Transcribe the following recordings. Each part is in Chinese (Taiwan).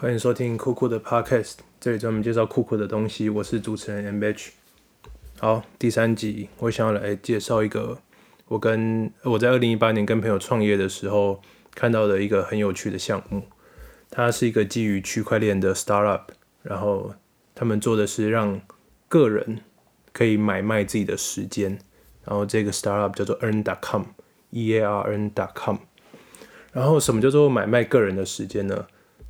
歡迎收聽酷酷的 Podcast，這裡專門介紹酷酷的東西。我是主持人 MH。好，第三集，我想要來介紹一個我跟我在二零一八年跟朋友創業的時候看到的一個很有趣的項目。它是一個基於區塊鏈的 Startup，然後他們做的是讓個人可以買賣自己的時間。然後這個 Startup 叫做 Earn.com，E-A-R-N.com，Earn.com。然後什麼叫做買賣個人的時間呢？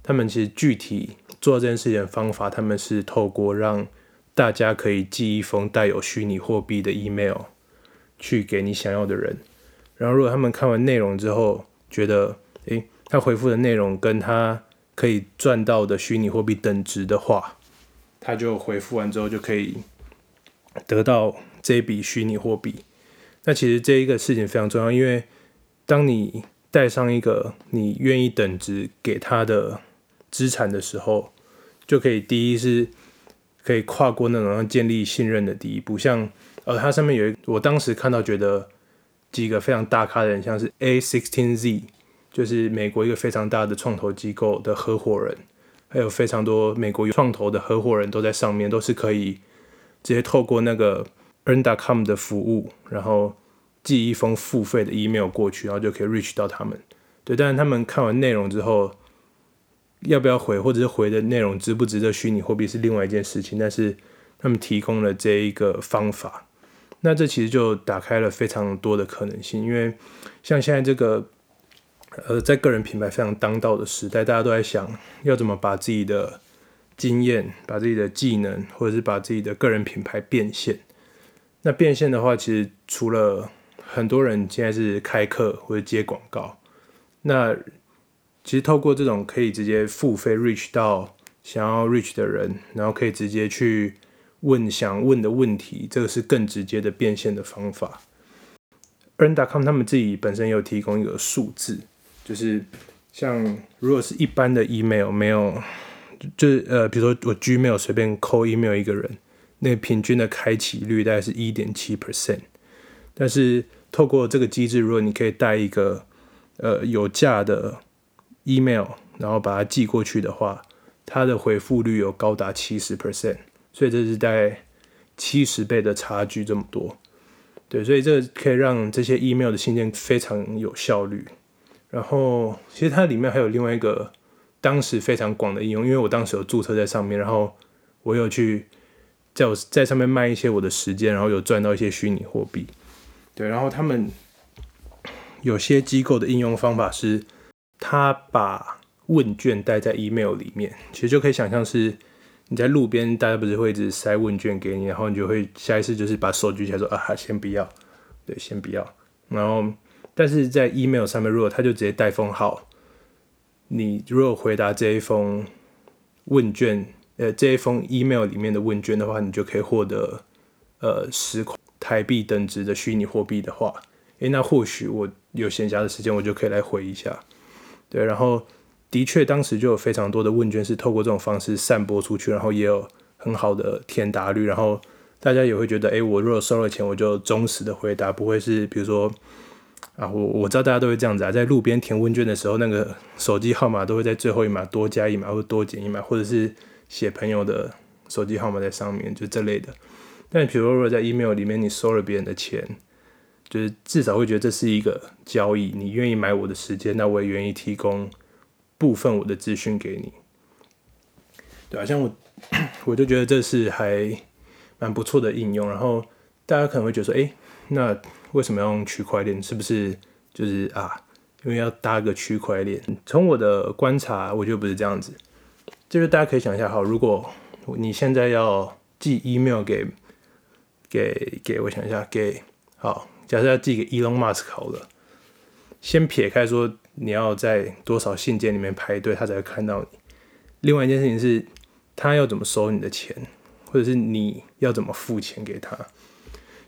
他們其實具體做這件事情的方法，他們是透過讓大家可以寄一封帶有虛擬貨幣的 email 去給你想要的人，然後如果他們看完內容之後覺得，誒，他回覆的內容跟他可以賺到的虛擬貨幣等值的話，他就回覆完之後就可以得到這筆虛擬貨幣。那其實這一個事情非常重要，因為當你帶上一個你願意等值給他的。資產的時候，就可以第一是可以跨過那種要建立信任的第一步，像呃，它上面有一我當時看到覺得幾個非常大咖的人，像是 A16Z，就是美國一個非常大的創投機構的合夥人，還有非常多美國創投的合夥人都在上面，都是可以直接透過那個 earn.com 的服務，然後寄一封付費的 email 過去，然後就可以 reach 到他們。對，但是他們看完內容之後。要不要回，或者是回的內容值不值得，虛擬貨幣是另外一件事情，但是他們提供了這一個方法，那這其實就打開了非常多的可能性。因為像現在這個，呃，在個人品牌非常當道的時代，大家都在想要怎麼把自己的經驗、把自己的技能，或者是把自己的個人品牌變現。那變現的話，其實除了很多人現在是開課或者接廣告，那其實透過這種可以直接付費 reach 到想要 reach 的人，然後可以直接去問想問的問題，這個是更直接的變現的方法。Earn.com 他們自己本身有提供一個數字，就是像如果是一般的 email 沒有，就是呃，比如說我 Gmail 隨便扣 email 一個人，那個、平均的開啟率大概是一點七 percent。但是透過這個機制，如果你可以帶一個呃有價的。email，然後把它寄過去的話，它的回復率有高達七十 percent，所以這是大概七十倍的差距，這麼多，對，所以這可以讓這些 email 的信件非常有效率。然後其實它裡面還有另外一個當時非常廣的應用，因為我當時有註冊在上面，然後我有去在我在上面賣一些我的時間，然後有賺到一些虛擬貨幣，對，然後他們有些機構的應用方法是。他把問卷帶在 email 裡面，其實就可以想象是你在路邊，大家不是會一直塞問卷給你，然後你就會下意識就是把手舉起來說啊先不要，對，先不要。然後，但是在 email 上面，如果他就直接帶封號，你如果回答這一封問卷，呃，這一封 email 裡面的問卷的話，你就可以獲得呃十塊台幣等值的虛擬貨幣的話，誒、欸，那或許我有閒暇的時間，我就可以來回一下。對，然後的確，當時就有非常多的問卷是透過這種方式散播出去，然後也有很好的填答率，然後大家也會覺得，哎，我如果收了錢，我就忠實的回答，不會是比如說啊，我我知道大家都會這樣子啊，在路邊填問卷的時候，那個手機號碼都會在最後一碼多加一碼，或多減一碼，或者是寫朋友的手機號碼在上面，就這類的。但比如說如果在 email 裡面，你收了別人的錢。就是至少會覺得這是一個交易，你願意買我的時間，那我也願意提供部分我的資訊給你。對啊，像我，我就覺得這是還蠻不錯的應用。然後大家可能會覺得，說，誒、欸，那為什麼要用區塊鏈？是不是就是啊？因為要搭個區塊鏈？從我的觀察，我覺得不是這樣子。就是大家可以想一下，哈，如果你現在要寄 email 給給給，給給我想一下，給好。假設要寄給 Elon Musk 好了，先撇開說，你要在多少信件裡面排隊，他才會看到你。另外一件事情是，他要怎麼收你的錢，或者是你要怎麼付錢給他？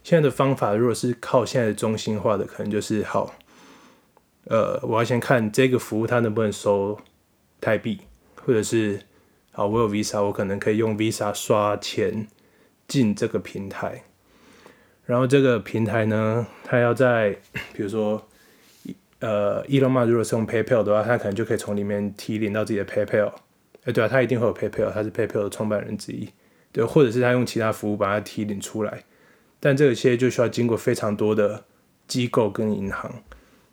現在的方法，如果是靠現在的中心化的，可能就是好，呃，我要先看這個服務他能不能收台幣，或者是好，我有 Visa，我可能可以用 Visa 刷錢進這個平台。然後這個平台呢，它要在，比如說，呃，Elon Musk 如果是用 PayPal 的話，他可能就可以從裡面提領到自己的 PayPal。誒，對啊，他一定會有 PayPal，他是 PayPal 的創辦人之一。對，或者是他用其他服務把它提領出來，但這些就需要經過非常多的機構跟銀行。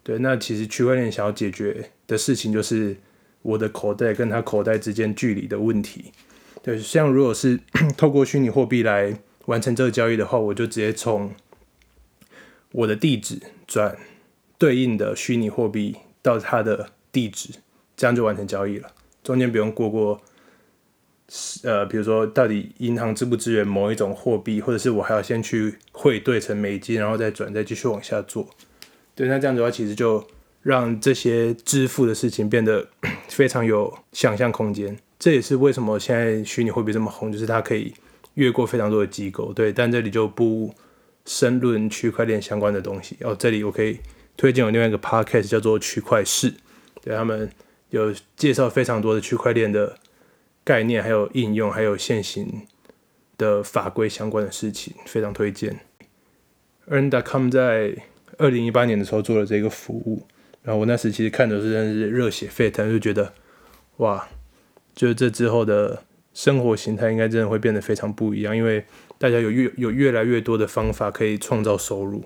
對，那其實區塊鏈想要解決的事情就是我的口袋跟他口袋之間距離的問題。對，像如果是 透過虛擬貨幣來。完成這個交易的話，我就直接從我的地址轉對應的虛擬貨幣到他的地址，這樣就完成交易了。中間不用過過，呃，比如說到底銀行支不支援某一種貨幣，或者是我還要先去匯兌成美金，然後再轉，再繼續往下做。對，那這樣子的話，其實就讓這些支付的事情變得非常有想象空間。這也是為什麼現在虛擬貨幣這麼紅，就是它可以。越過非常多的機構，對，但這裡就不深論區塊鏈相關的東西哦。這裡我可以推薦我另外一個 podcast 叫做《區塊市》，對，他們有介紹非常多的區塊鏈的概念，還有應用，還有現行的法規相關的事情，非常推薦。Earn dot com 在二零一八年的時候做了這個服務，然後我那時其實看的是真的是熱血沸騰，就覺得哇，就是這之後的。生活形態應該真的會變得非常不一樣，因為大家有越有越來越多的方法可以創造收入，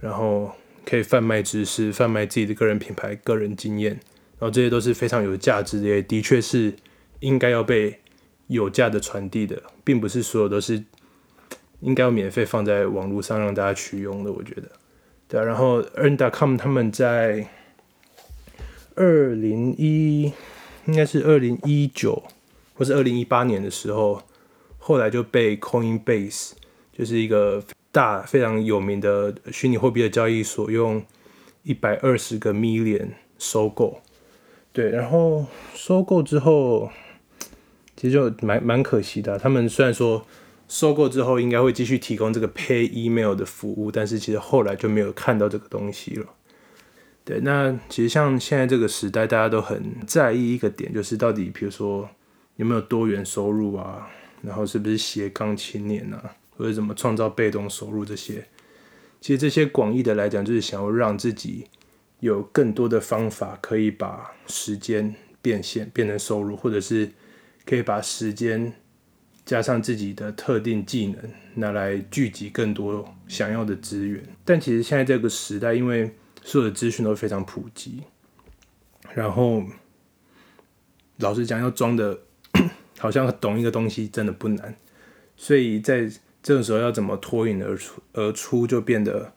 然後可以販賣知識、販賣自己的個人品牌、個人經驗，然後這些都是非常有價值的，也的確是應該要被有價的傳遞的，並不是所有都是應該要免費放在網絡上讓大家取用的。我覺得，對。然後 Earn.com 他們在二零一應該是二零一九。或是二零一八年的時候，後來就被 Coinbase，就是一個大非常有名的虛擬貨幣的交易所，用一百二十個 million 收購。對，然後收購之後，其實就蠻蠻可惜的啊。他們雖然說收購之後應該會繼續提供這個 Pay Email 的服務，但是其實後來就沒有看到這個東西了。對，那其實像現在這個時代，大家都很在意一個點，就是到底比如說。有沒有多元收入啊？然後是不是斜槓青年啊？或者怎麼創造被動收入這些？其實這些廣義的來講，就是想要讓自己有更多的方法，可以把時間變現變成收入，或者是可以把時間加上自己的特定技能，拿來聚集更多想要的資源。但其實現在這個時代，因為所有的資訊都非常普及，然後老實講，要裝的。好像懂一個東西真的不難，所以在這個時候要怎麼脫穎而出而出就變得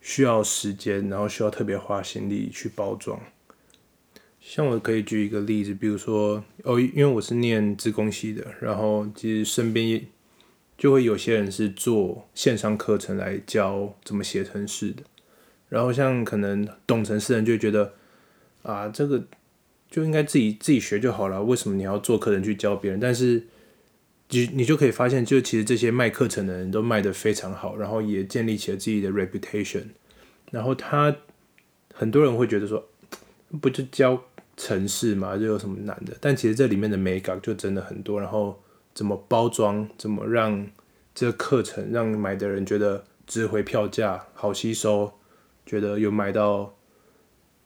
需要時間，然後需要特別花心力去包裝。像我可以舉一個例子，比如說哦，因為我是念資工系的，然後其實身邊也就會有些人是做線上課程來教怎麼寫程式的，然後像可能懂程式的人就覺得啊這個。就應該自己自己學就好了，為什麼你要做課程去教別人？但是你你就可以發現，就其實這些賣課程的人都賣得非常好，然後也建立起了自己的 reputation。然後他很多人會覺得說，不就教程式嘛，就有什麼難的？但其實這裡面的美感就真的很多，然後怎麼包裝，怎麼讓這課程讓買的人覺得值回票價，好吸收，覺得有買到。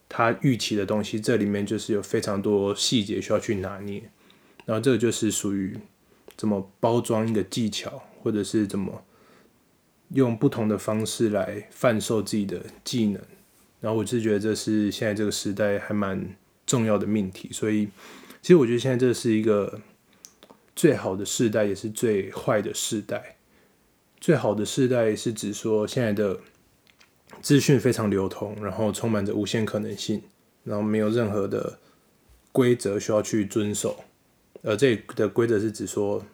他預期的東西，這裡面就是有非常多細節需要去拿捏，然後這個就是屬於怎麼包裝一個技巧，或者是怎麼用不同的方式來販售自己的技能。然後我是覺得這是現在這個時代還蠻重要的命題，所以其實我覺得現在這是一個最好的世代，也是最壞的世代。最好的世代是指說現在的。資訊非常流通，然後充滿着無限可能性，然後沒有任何的規則需要去遵守。而這裡的規則是指說，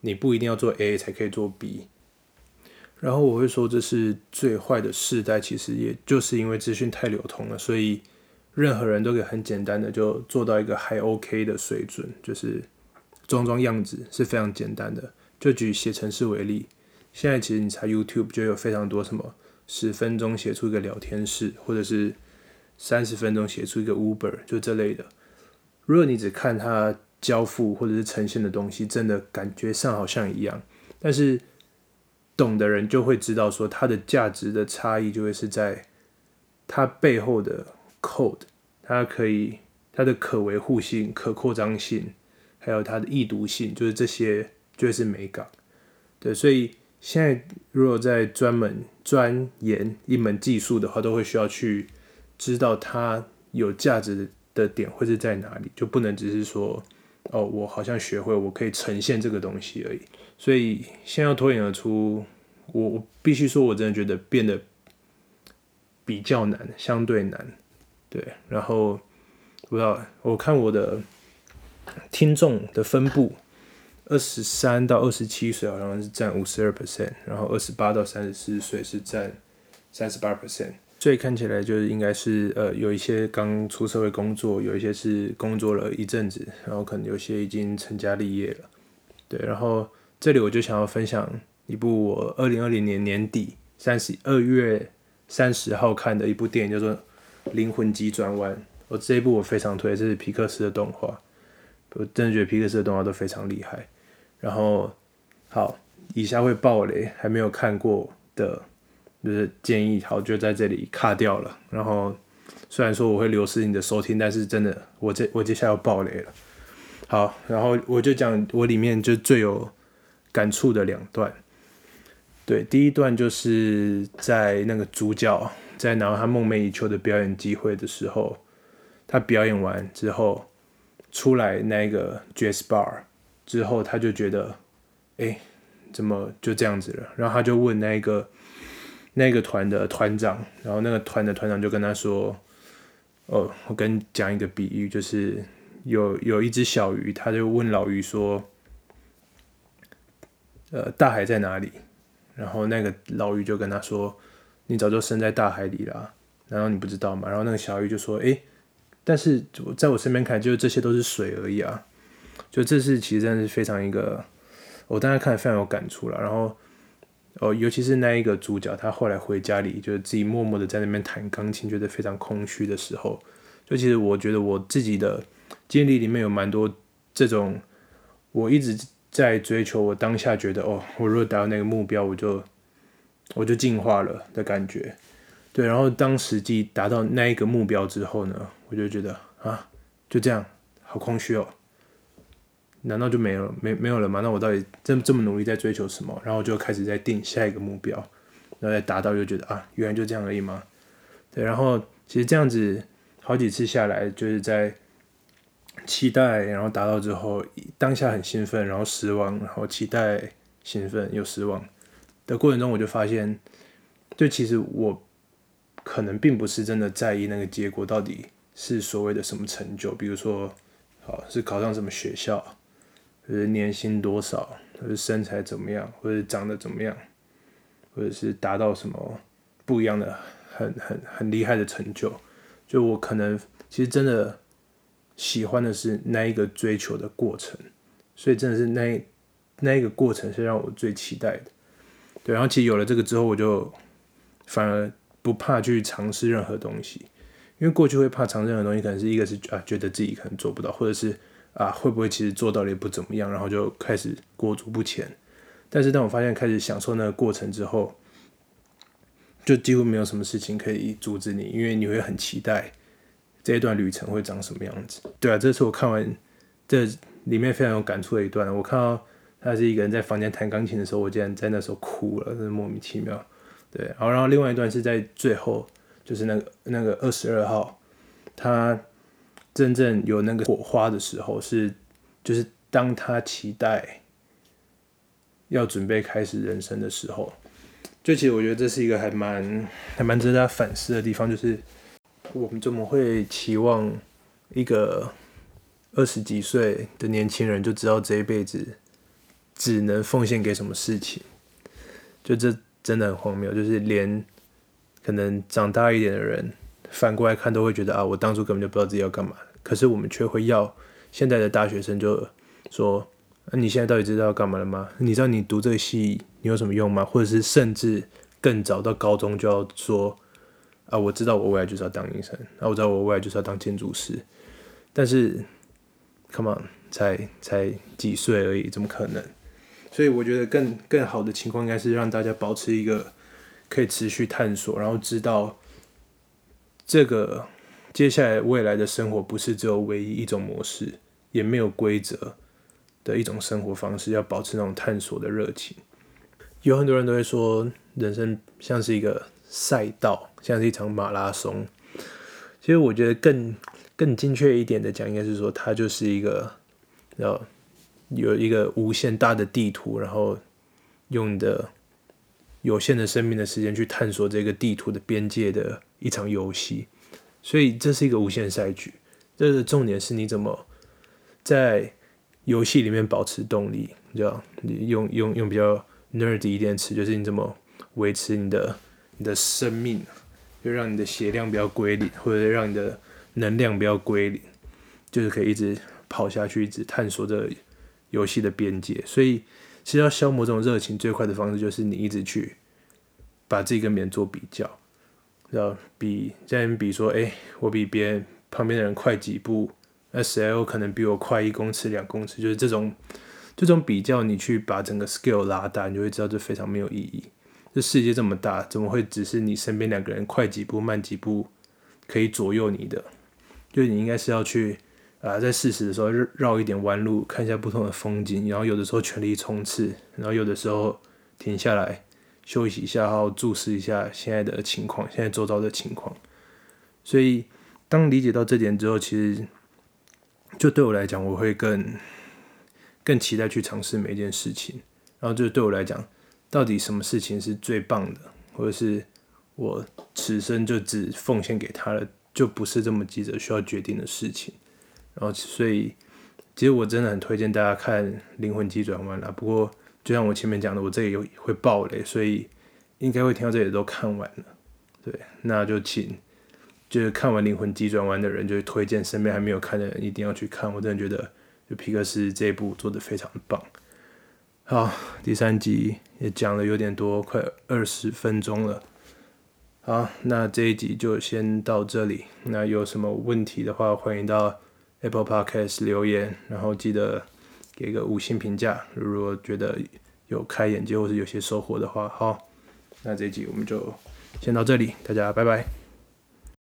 你不一定要做 A 才可以做 B。然後我會說這是最壞的世代，其實也就是因為資訊太流通了，所以任何人都可以很簡單的就做到一個還 OK 的水準，就是裝裝樣子是非常簡單的。就舉寫程式為例，現在其實你查 YouTube 就有非常多什麼。十分鐘寫出一個聊天室，或者是三十分鐘寫出一個 Uber，就這類的。如果你只看它交付或者是呈現的東西，真的感覺上好像一樣，但是懂的人就會知道，說它的價值的差異就會是在它背後的 code，它可以它的可維護性、可擴張性，還有它的易讀性，就是這些就會是美感。對，所以。現在，如果在專門鑽研一門技術的話，都會需要去知道它有價值的點會是在哪裡，就不能只是說哦，我好像學會，我可以呈現這個東西而已。所以，先要脫穎而出，我我必須說，我真的覺得變得比較難，相對難。對，然後，我要，我看我的聽眾的分布。二十三到二十七歲好像是占五十二 percent，然後二十八到三十四歲是占三十八 percent，所以看起來就是應該是呃有一些剛出社會工作，有一些是工作了一陣子，然後可能有些已經成家立業了，對，然後這裡我就想要分享一部我二零二零年年底三十二月三十號看的一部電影叫做《靈魂急轉彎》，我這一部我非常推，這是皮克斯的動畫，我真的覺得皮克斯的動畫都非常厲害。然後，好，以下會爆雷，還沒有看過的，就是建議好就在這裡卡掉了。然後，雖然說我會流失你的收聽，但是真的，我這我接下來要爆雷了。好，然後我就講我裡面就最有感觸的兩段。對，第一段就是在那個主角在拿他夢寐以求的表演機會的時候，他表演完之後出來那個 Jazz Bar。之後他就覺得，哎、欸，怎麼就這樣子了？然後他就問那個那個團的團長，然後那個團的團長就跟他說，哦，我跟你講一個比喻，就是有有一隻小魚，他就問老魚說，呃，大海在哪裡？然後那個老魚就跟他說，你早就生在大海裡了、啊，難道你不知道嗎？然後那個小魚就說，哎、欸，但是在我身邊看，就是這些都是水而已啊。就這是，其實真的是非常一個，我當時看非常有感觸了。然後，哦，尤其是那一個主角，他後來回家裡，就是自己默默的在那邊彈鋼琴，覺得非常空虛的時候。就其實我覺得我自己的經歷裡面有蠻多這種，我一直在追求，我當下覺得哦，我如果達到那個目標我，我就我就進化了的感覺。對，然後當實際達到那一個目標之後呢，我就覺得啊，就這樣，好空虛哦。難道就沒有沒沒有了嗎？那我到底這麼這麼努力在追求什麼？然後就開始在定下一個目標，然後再達到，就覺得啊，原來就這樣而已嗎？對，然後其實這樣子好幾次下來，就是在期待，然後達到之後，當下很興奮，然後失望，然後期待、興奮又失望的過程中，我就發現，就其實我可能並不是真的在意那個結果到底是所謂的什麼成就，比如說，好，是考上什麼學校。就是年薪多少，或者身材怎麼樣，或者長得怎麼樣，或者是達到什麼不一樣的、很很很厲害的成就，就我可能其實真的喜歡的是那一個追求的過程，所以真的是那那一個過程是讓我最期待的。對，然後其實有了這個之後，我就反而不怕去嘗試任何東西，因為過去會怕嘗試任何東西，可能是一個是啊覺得自己可能做不到，或者是。啊，會不會其實做到了也不怎麼樣，然後就開始裹足不前。但是當我發現開始享受那個過程之後，就幾乎沒有什麼事情可以阻止你，因為你會很期待這一段旅程會長什麼樣子。對啊，這是我看完這裡面非常有感觸的一段，我看到他是一個人在房間彈鋼琴的時候，我竟然在那時候哭了，這莫名其妙。對，然後，然後另外一段是在最後，就是那個那個二十二號，他。真正有那個火花的時候，是就是當他期待要準備開始人生的時候，就其實我覺得這是一個還蠻還蠻值得他反思的地方，就是我們怎麼會期望一個二十幾歲的年輕人就知道這一輩子只能奉獻給什麼事情？就這真的很荒謬，就是連可能長大一點的人。反過來看，都會覺得啊，我當初根本就不知道自己要幹嘛。可是我們卻會要現在的大學生，就說：那、啊、你現在到底知道要幹嘛了嗎？你知道你讀這個系你有什麼用嗎？或者是甚至更早到高中就要說：啊，我知道我未來就是要當醫生，啊，我知道我未來就是要當建築師。但是，come on，才才幾歲而已，怎麼可能？所以我覺得更更好的情況應該是讓大家保持一個可以持續探索，然後知道。這個接下來未來的生活不是只有唯一一種模式，也沒有規則的一種生活方式，要保持那種探索的熱情。有很多人都會說，人生像是一個賽道，像是一場馬拉松。其實我覺得更更精確一點的講，應該是說它就是一個，然後有一個無限大的地圖，然後用你的有限的生命的時間去探索這個地圖的邊界的。一場遊戲，所以這是一個無限賽局。這個重點是你怎麼在遊戲裡面保持動力，你知道，你用用用比較 nerdy 一點詞，就是你怎麼維持你的你的生命，就讓你的血量不要歸零，或者讓你的能量不要歸零，就是可以一直跑下去，一直探索這遊戲的邊界。所以，其實要消磨這種熱情最快的方式，就是你一直去把自己跟別人做比較。要比，再比如說，哎、欸，我比別人旁邊的人快幾步，S L 可能比我快一公尺、兩公尺，就是這種，這種比較，你去把整個 scale 拉大，你就會知道這非常沒有意義。這世界這麼大，怎麼會只是你身邊兩個人快幾步、慢幾步可以左右你的？就你應該是要去啊、呃，在適時的時候繞一點彎路，看一下不同的風景，然後有的時候全力衝刺，然後有的時候停下來。休息一下，然後注視一下現在的情況，現在周遭的情況。所以，當理解到這點之後，其實就對我來講，我會更更期待去嘗試每一件事情。然後，就對我來講，到底什麼事情是最棒的，或者是我此生就只奉獻給他了，就不是這麼急着需要決定的事情。然後，所以，其實我真的很推薦大家看《靈魂急轉彎》啦，不過，就像我前面講的，我這裡有會爆雷，所以應該會聽到這裡都看完了。對，那就請就是看完《靈魂急轉彎》的人，就是推薦身邊還沒有看的人一定要去看。我真的覺得就皮克斯這一部做的非常的棒。好，第三集也講了有點多，快二十分鐘了。好，那這一集就先到這裡。那有什麼問題的話，歡迎到 Apple Podcast 留言，然後記得。給個五星評價，如果覺得有開眼界或是有些收穫的話，好，那這一集我們就先到這裡，大家拜拜。